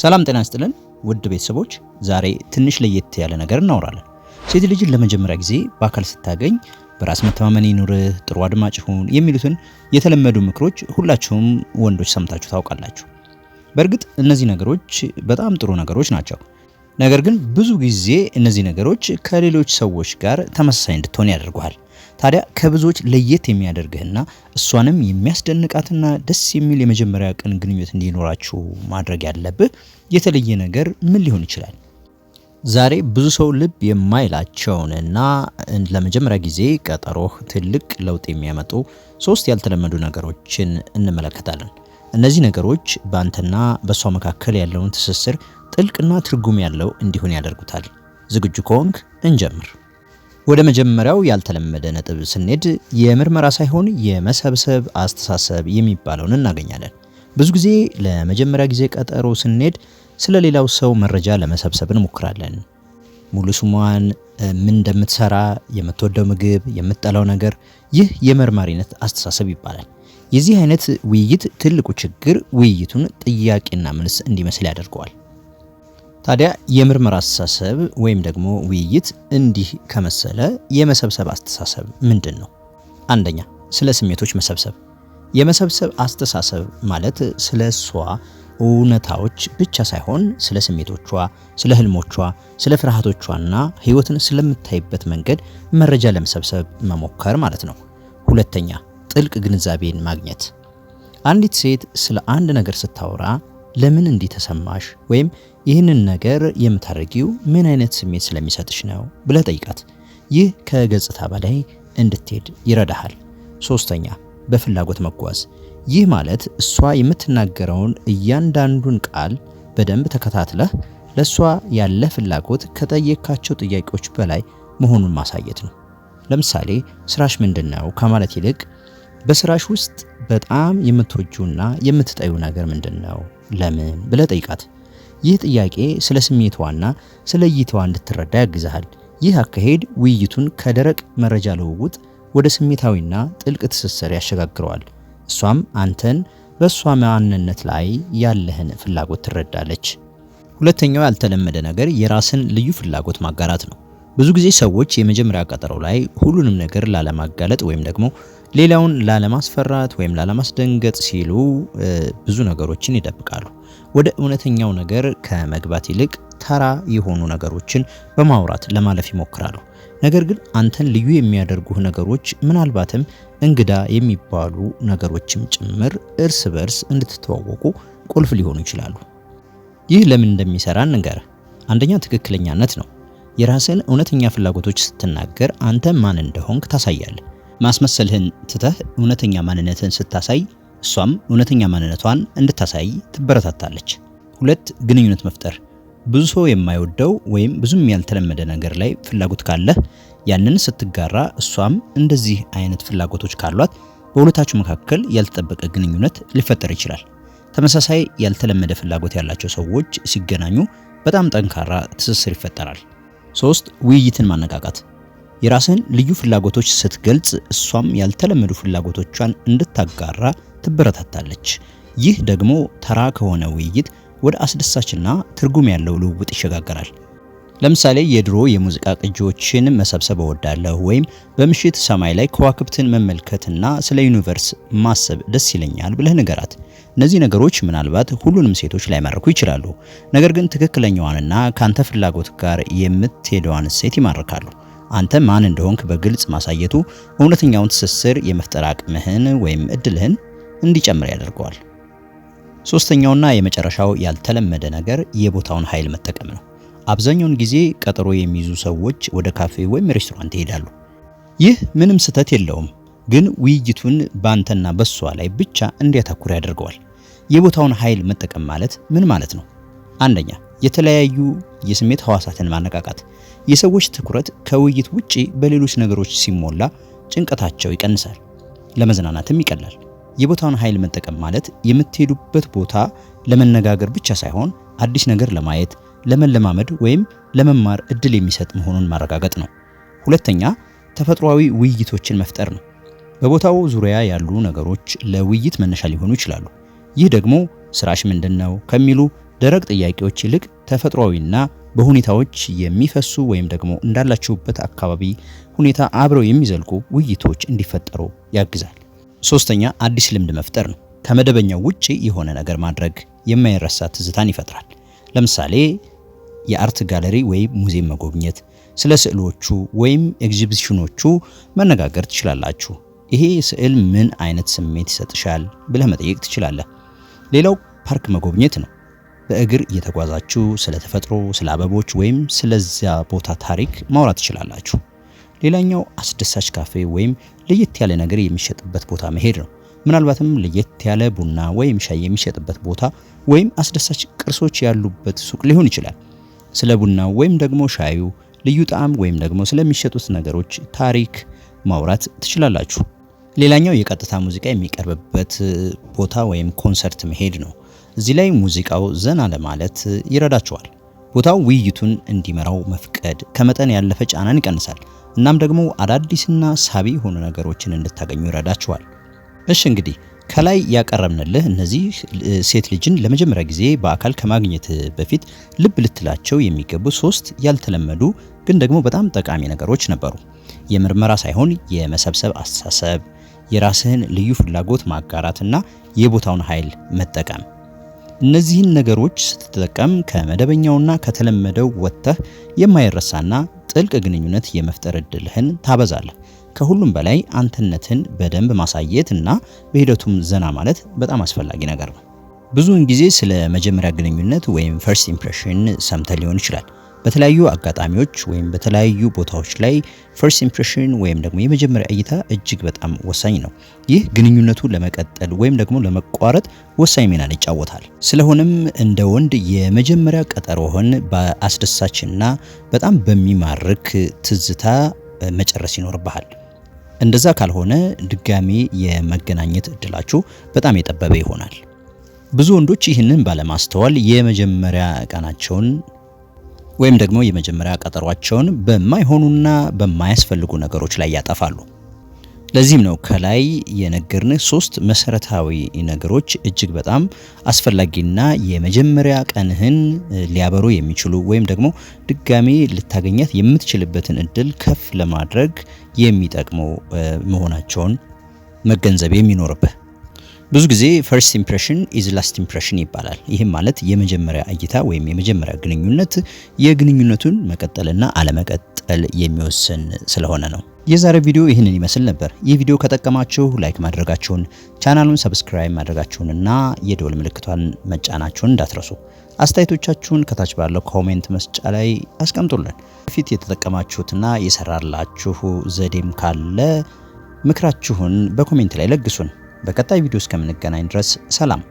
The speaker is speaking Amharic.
ሰላም ጤና ይስጥልን ውድ ቤተሰቦች፣ ዛሬ ትንሽ ለየት ያለ ነገር እናወራለን። ሴት ልጅን ለመጀመሪያ ጊዜ በአካል ስታገኝ በራስ መተማመን ይኑርህ፣ ጥሩ አድማጭ ሁን የሚሉትን የተለመዱ ምክሮች ሁላችሁም ወንዶች ሰምታችሁ ታውቃላችሁ። በእርግጥ እነዚህ ነገሮች በጣም ጥሩ ነገሮች ናቸው። ነገር ግን ብዙ ጊዜ እነዚህ ነገሮች ከሌሎች ሰዎች ጋር ተመሳሳይ እንድትሆን ያደርጓል። ታዲያ ከብዙዎች ለየት የሚያደርግህና እሷንም የሚያስደንቃትና ደስ የሚል የመጀመሪያ ቀን ግንኙነት እንዲኖራችሁ ማድረግ ያለብህ የተለየ ነገር ምን ሊሆን ይችላል? ዛሬ ብዙ ሰው ልብ የማይላቸውንና ለመጀመሪያ ጊዜ ቀጠሮህ ትልቅ ለውጥ የሚያመጡ ሶስት ያልተለመዱ ነገሮችን እንመለከታለን። እነዚህ ነገሮች በአንተና በእሷ መካከል ያለውን ትስስር ጥልቅና ትርጉም ያለው እንዲሆን ያደርጉታል። ዝግጁ ከሆንክ እንጀምር። ወደ መጀመሪያው ያልተለመደ ነጥብ ስንሄድ የምርመራ ሳይሆን የመሰብሰብ አስተሳሰብ የሚባለውን እናገኛለን። ብዙ ጊዜ ለመጀመሪያ ጊዜ ቀጠሮ ስንሄድ ስለ ሌላው ሰው መረጃ ለመሰብሰብ እንሞክራለን። ሙሉ ስሟን፣ ምን እንደምትሰራ፣ የምትወደው ምግብ፣ የምትጠላው ነገር። ይህ የመርማሪነት አስተሳሰብ ይባላል። የዚህ አይነት ውይይት ትልቁ ችግር ውይይቱን ጥያቄና መልስ እንዲመስል ያደርገዋል። ታዲያ የምርመራ አስተሳሰብ ወይም ደግሞ ውይይት እንዲህ ከመሰለ የመሰብሰብ አስተሳሰብ ምንድን ነው? አንደኛ ስለ ስሜቶች መሰብሰብ። የመሰብሰብ አስተሳሰብ ማለት ስለ እሷ እውነታዎች ብቻ ሳይሆን ስለ ስሜቶቿ፣ ስለ ህልሞቿ፣ ስለ ፍርሃቶቿና ህይወትን ስለምታይበት መንገድ መረጃ ለመሰብሰብ መሞከር ማለት ነው። ሁለተኛ ጥልቅ ግንዛቤን ማግኘት። አንዲት ሴት ስለ አንድ ነገር ስታወራ ለምን እንዲህ ተሰማሽ ወይም ይህንን ነገር የምታደርጊው ምን አይነት ስሜት ስለሚሰጥሽ ነው ብለህ ጠይቃት። ይህ ከገጽታ በላይ እንድትሄድ ይረዳሃል። ሶስተኛ በፍላጎት መጓዝ። ይህ ማለት እሷ የምትናገረውን እያንዳንዱን ቃል በደንብ ተከታትለህ ለእሷ ያለ ፍላጎት ከጠየካቸው ጥያቄዎች በላይ መሆኑን ማሳየት ነው። ለምሳሌ ስራሽ ምንድን ነው ከማለት ይልቅ በስራሽ ውስጥ በጣም የምትወጁና የምትጠዩ ነገር ምንድን ነው ለምን ብለ ጠይቃት። ይህ ጥያቄ ስለ ስሜቷና ስለ እይታዋ እንድትረዳ ያግዝሃል። ይህ አካሄድ ውይይቱን ከደረቅ መረጃ ልውውጥ ወደ ስሜታዊና ጥልቅ ትስስር ያሸጋግረዋል። እሷም አንተን በእሷ ማንነት ላይ ያለህን ፍላጎት ትረዳለች። ሁለተኛው ያልተለመደ ነገር የራስን ልዩ ፍላጎት ማጋራት ነው። ብዙ ጊዜ ሰዎች የመጀመሪያ ቀጠሮ ላይ ሁሉንም ነገር ላለማጋለጥ ወይም ደግሞ ሌላውን ላለማስፈራት ወይም ላለማስደንገጥ ሲሉ ብዙ ነገሮችን ይደብቃሉ። ወደ እውነተኛው ነገር ከመግባት ይልቅ ተራ የሆኑ ነገሮችን በማውራት ለማለፍ ይሞክራሉ። ነገር ግን አንተን ልዩ የሚያደርጉህ ነገሮች ምናልባትም እንግዳ የሚባሉ ነገሮችም ጭምር እርስ በርስ እንድትተዋወቁ ቁልፍ ሊሆኑ ይችላሉ። ይህ ለምን እንደሚሰራ እንገር። አንደኛ ትክክለኛነት ነው። የራስን እውነተኛ ፍላጎቶች ስትናገር አንተ ማን እንደሆንክ ታሳያለህ። ማስመሰልህን ትተህ እውነተኛ ማንነትህን ስታሳይ እሷም እውነተኛ ማንነቷን እንድታሳይ ትበረታታለች። ሁለት ግንኙነት መፍጠር ብዙ ሰው የማይወደው ወይም ብዙም ያልተለመደ ነገር ላይ ፍላጎት ካለህ ያንን ስትጋራ እሷም እንደዚህ አይነት ፍላጎቶች ካሏት በሁለታችሁ መካከል ያልተጠበቀ ግንኙነት ሊፈጠር ይችላል። ተመሳሳይ ያልተለመደ ፍላጎት ያላቸው ሰዎች ሲገናኙ በጣም ጠንካራ ትስስር ይፈጠራል። ሶስት ውይይትን ማነቃቃት የራስህን ልዩ ፍላጎቶች ስትገልጽ እሷም ያልተለመዱ ፍላጎቶቿን እንድታጋራ ትበረታታለች። ይህ ደግሞ ተራ ከሆነ ውይይት ወደ አስደሳችና ትርጉም ያለው ልውውጥ ይሸጋገራል። ለምሳሌ የድሮ የሙዚቃ ቅጂዎችን መሰብሰብ እወዳለሁ ወይም በምሽት ሰማይ ላይ ከዋክብትን መመልከትና ስለ ዩኒቨርስ ማሰብ ደስ ይለኛል ብለህ ንገራት። እነዚህ ነገሮች ምናልባት ሁሉንም ሴቶች ላይማርኩ ይችላሉ፣ ነገር ግን ትክክለኛዋንና ካንተ ፍላጎት ጋር የምትሄደዋን ሴት ይማርካሉ። አንተ ማን እንደሆንክ በግልጽ ማሳየቱ እውነተኛውን ትስስር የመፍጠር አቅምህን ወይም እድልህን እንዲጨምር ያደርገዋል። ሶስተኛውና የመጨረሻው ያልተለመደ ነገር የቦታውን ኃይል መጠቀም ነው። አብዛኛውን ጊዜ ቀጠሮ የሚይዙ ሰዎች ወደ ካፌ ወይም ሬስቶራንት ይሄዳሉ። ይህ ምንም ስህተት የለውም፣ ግን ውይይቱን በአንተና በሷ ላይ ብቻ እንዲያተኩር ያደርገዋል። የቦታውን ኃይል መጠቀም ማለት ምን ማለት ነው? አንደኛ የተለያዩ የስሜት ህዋሳትን ማነቃቃት። የሰዎች ትኩረት ከውይይት ውጪ በሌሎች ነገሮች ሲሞላ ጭንቀታቸው ይቀንሳል፣ ለመዝናናትም ይቀላል። የቦታውን ኃይል መጠቀም ማለት የምትሄዱበት ቦታ ለመነጋገር ብቻ ሳይሆን አዲስ ነገር ለማየት፣ ለመለማመድ ወይም ለመማር እድል የሚሰጥ መሆኑን ማረጋገጥ ነው። ሁለተኛ ተፈጥሯዊ ውይይቶችን መፍጠር ነው። በቦታው ዙሪያ ያሉ ነገሮች ለውይይት መነሻ ሊሆኑ ይችላሉ። ይህ ደግሞ ስራሽ ምንድን ነው ከሚሉ ደረቅ ጥያቄዎች ይልቅ ተፈጥሯዊና በሁኔታዎች የሚፈሱ ወይም ደግሞ እንዳላችሁበት አካባቢ ሁኔታ አብረው የሚዘልቁ ውይይቶች እንዲፈጠሩ ያግዛል። ሶስተኛ አዲስ ልምድ መፍጠር ነው። ከመደበኛው ውጪ የሆነ ነገር ማድረግ የማይረሳ ትዝታን ይፈጥራል። ለምሳሌ የአርት ጋለሪ ወይም ሙዚየም መጎብኘት፣ ስለ ስዕሎቹ ወይም ኤግዚቢሽኖቹ መነጋገር ትችላላችሁ። ይሄ ስዕል ምን አይነት ስሜት ይሰጥሻል ብለህ መጠየቅ ትችላለህ። ሌላው ፓርክ መጎብኘት ነው። በእግር እየተጓዛችሁ ስለ ተፈጥሮ፣ ስለ አበቦች ወይም ስለዚያ ቦታ ታሪክ ማውራት ትችላላችሁ። ሌላኛው አስደሳች ካፌ ወይም ለየት ያለ ነገር የሚሸጥበት ቦታ መሄድ ነው። ምናልባትም ለየት ያለ ቡና ወይም ሻይ የሚሸጥበት ቦታ ወይም አስደሳች ቅርሶች ያሉበት ሱቅ ሊሆን ይችላል። ስለ ቡናው ወይም ደግሞ ሻዩ ልዩ ጣዕም ወይም ደግሞ ስለሚሸጡት ነገሮች ታሪክ ማውራት ትችላላችሁ። ሌላኛው የቀጥታ ሙዚቃ የሚቀርብበት ቦታ ወይም ኮንሰርት መሄድ ነው። እዚህ ላይ ሙዚቃው ዘና ለማለት ይረዳቸዋል። ቦታው ውይይቱን እንዲመራው መፍቀድ ከመጠን ያለፈ ጫናን ይቀንሳል። እናም ደግሞ አዳዲስና ሳቢ የሆኑ ነገሮችን እንድታገኙ ይረዳቸዋል። እሺ እንግዲህ ከላይ ያቀረብንልህ እነዚህ ሴት ልጅን ለመጀመሪያ ጊዜ በአካል ከማግኘት በፊት ልብ ልትላቸው የሚገቡ ሶስት ያልተለመዱ ግን ደግሞ በጣም ጠቃሚ ነገሮች ነበሩ። የምርመራ ሳይሆን የመሰብሰብ አስተሳሰብ፣ የራስህን ልዩ ፍላጎት ማጋራትና የቦታውን ኃይል መጠቀም እነዚህን ነገሮች ስትጠቀም ከመደበኛውና ከተለመደው ወጥተህ የማይረሳና ጥልቅ ግንኙነት የመፍጠር እድልህን ታበዛለህ። ከሁሉም በላይ አንተነትን በደንብ ማሳየት እና በሂደቱም ዘና ማለት በጣም አስፈላጊ ነገር ነው። ብዙውን ጊዜ ስለ መጀመሪያ ግንኙነት ወይም ፈርስት ኢምፕሬሽን ሰምተህ ሊሆን ይችላል። በተለያዩ አጋጣሚዎች ወይም በተለያዩ ቦታዎች ላይ ፈርስት ኢምፕሬሽን ወይም ደግሞ የመጀመሪያ እይታ እጅግ በጣም ወሳኝ ነው። ይህ ግንኙነቱ ለመቀጠል ወይም ደግሞ ለመቋረጥ ወሳኝ ሚናን ይጫወታል። ስለሆነም እንደ ወንድ የመጀመሪያ ቀጠሮህን በአስደሳችና በጣም በሚማርክ ትዝታ መጨረስ ይኖርብሃል። እንደዛ ካልሆነ ድጋሚ የመገናኘት እድላችሁ በጣም የጠበበ ይሆናል። ብዙ ወንዶች ይህንን ባለማስተዋል የመጀመሪያ ቀናቸውን ወይም ደግሞ የመጀመሪያ ቀጠሯቸውን በማይሆኑና በማያስፈልጉ ነገሮች ላይ ያጠፋሉ። ለዚህም ነው ከላይ የነገርንህ ሶስት መሰረታዊ ነገሮች እጅግ በጣም አስፈላጊና የመጀመሪያ ቀንህን ሊያበሩ የሚችሉ ወይም ደግሞ ድጋሜ ልታገኛት የምትችልበትን እድል ከፍ ለማድረግ የሚጠቅሙ መሆናቸውን መገንዘብ የሚኖርብህ። ብዙ ጊዜ ፈርስት ኢምፕሬሽን ኢዝ ላስት ኢምፕሬሽን ይባላል። ይህም ማለት የመጀመሪያ እይታ ወይም የመጀመሪያ ግንኙነት የግንኙነቱን መቀጠልና አለመቀጠል የሚወስን ስለሆነ ነው። የዛሬው ቪዲዮ ይህንን ይመስል ነበር። ይህ ቪዲዮ ከጠቀማችሁ ላይክ ማድረጋችሁን፣ ቻናሉን ሰብስክራይብ ማድረጋችሁንና የደወል ምልክቷን መጫናችሁን እንዳትረሱ። አስተያየቶቻችሁን ከታች ባለው ኮሜንት መስጫ ላይ አስቀምጡልን። በፊት የተጠቀማችሁትና የሰራላችሁ ዘዴም ካለ ምክራችሁን በኮሜንት ላይ ለግሱን። በቀጣይ ቪዲዮ እስከምንገናኝ ድረስ ሰላም።